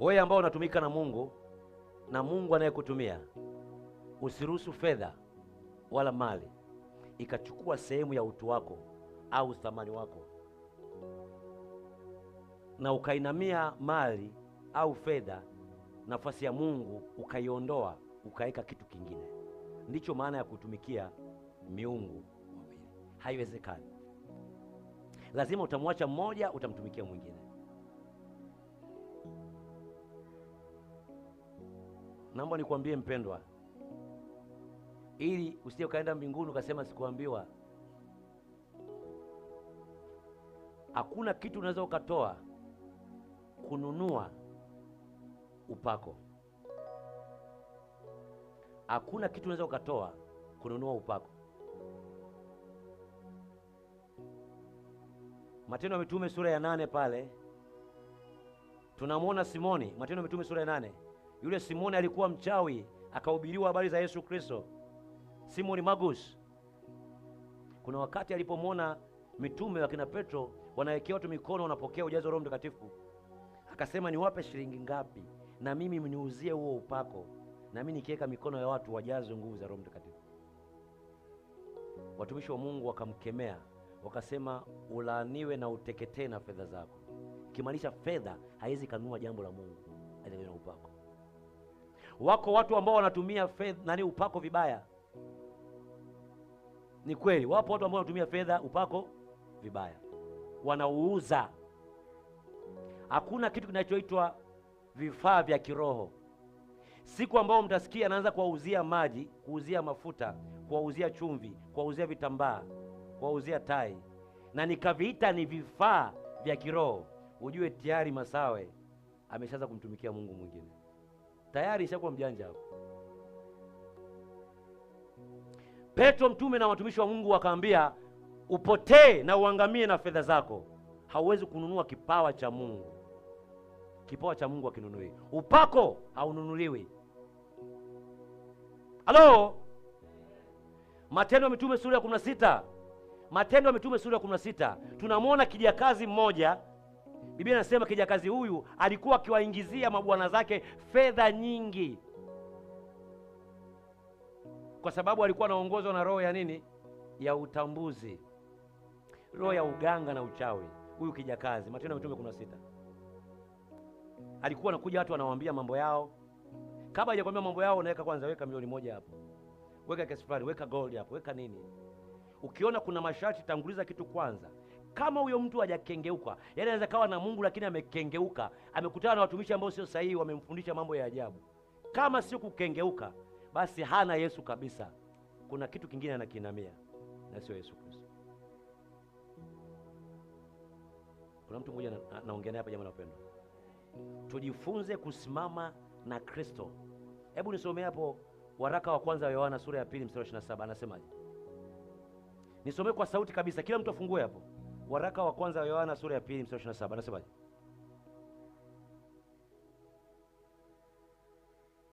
Wewe ambao unatumika na Mungu na Mungu anayekutumia, usiruhusu fedha wala mali ikachukua sehemu ya utu wako au thamani wako, na ukainamia mali au fedha, nafasi ya Mungu ukaiondoa, ukaweka kitu kingine. Ndicho maana ya kutumikia miungu wawili, haiwezekani. Lazima utamwacha mmoja, utamtumikia mwingine. Naomba nikwambie mpendwa, ili usije ukaenda mbinguni ukasema sikuambiwa. Hakuna kitu unaweza ukatoa kununua upako. Hakuna kitu unaweza ukatoa kununua upako. Matendo ya Mitume sura ya nane pale tunamwona Simoni. Matendo ya Mitume sura ya nane yule Simoni alikuwa mchawi, akahubiriwa habari za Yesu Kristo. Simoni Magus, kuna wakati alipomwona mitume wakina Petro wanawekea watu mikono, wanapokea ujazo Roho Mtakatifu, akasema niwape shilingi ngapi na mimi mniuzie huo upako, na mimi nikiweka mikono ya watu wajazwe nguvu za Roho Mtakatifu. Watumishi wa Mungu wakamkemea wakasema, ulaaniwe na uteketee na fedha zako, kimaanisha fedha haiwezi kanua jambo la Mungu na upako Wako watu ambao wanatumia fedha nani, upako vibaya. Ni kweli, wapo watu ambao wanatumia fedha, upako vibaya, wanauuza. Hakuna kitu kinachoitwa vifaa vya kiroho. Siku ambao mtasikia anaanza kuwauzia maji, kuuzia mafuta, kuwauzia chumvi, kuwauzia vitambaa, kuwauzia tai, na nikaviita ni vifaa vya kiroho, ujue tayari Masawe ameshaanza kumtumikia Mungu mwingine tayari ishakuwa mjanja hapo. Petro mtume na watumishi wa Mungu wakaambia, upotee na uangamie na fedha zako. Hauwezi kununua kipawa cha Mungu. Kipawa cha Mungu hakinunuliwi, upako haununuliwi. Halo, Matendo ya Mitume sura ya 16, Matendo ya Mitume sura ya 16 tunamwona kijakazi mmoja Biblia inasema kijakazi huyu alikuwa akiwaingizia mabwana zake fedha nyingi, kwa sababu alikuwa anaongozwa na roho ya nini? Ya utambuzi, roho ya uganga na uchawi. Huyu kijakazi, Matendo ya Mitume sita, alikuwa anakuja watu anawaambia mambo yao. Kabla hajakwambia mambo yao, unaweka kwanza, weka milioni moja hapo, weka kiasi fulani, weka gold hapo, weka nini. Ukiona kuna masharti, tanguliza kitu kwanza kama huyo mtu hajakengeuka, yaani anaweza kawa na Mungu lakini amekengeuka, amekutana na watumishi ambao sio sahihi, wamemfundisha mambo ya ajabu. Kama sio kukengeuka, basi hana Yesu kabisa. Kuna kitu kingine anakinamia na sio Yesu Kristo. Kuna mtu mmoja naongea naye hapa, jamani wapendwa, tujifunze kusimama na Kristo. Hebu nisomee hapo waraka wa kwanza wa Yohana sura ya pili mstari wa 27 anasemaje? Nisomee kwa sauti kabisa, kila mtu afungue hapo. Waraka wa kwanza wa Yohana sura ya pili mstari 27 anasemaje?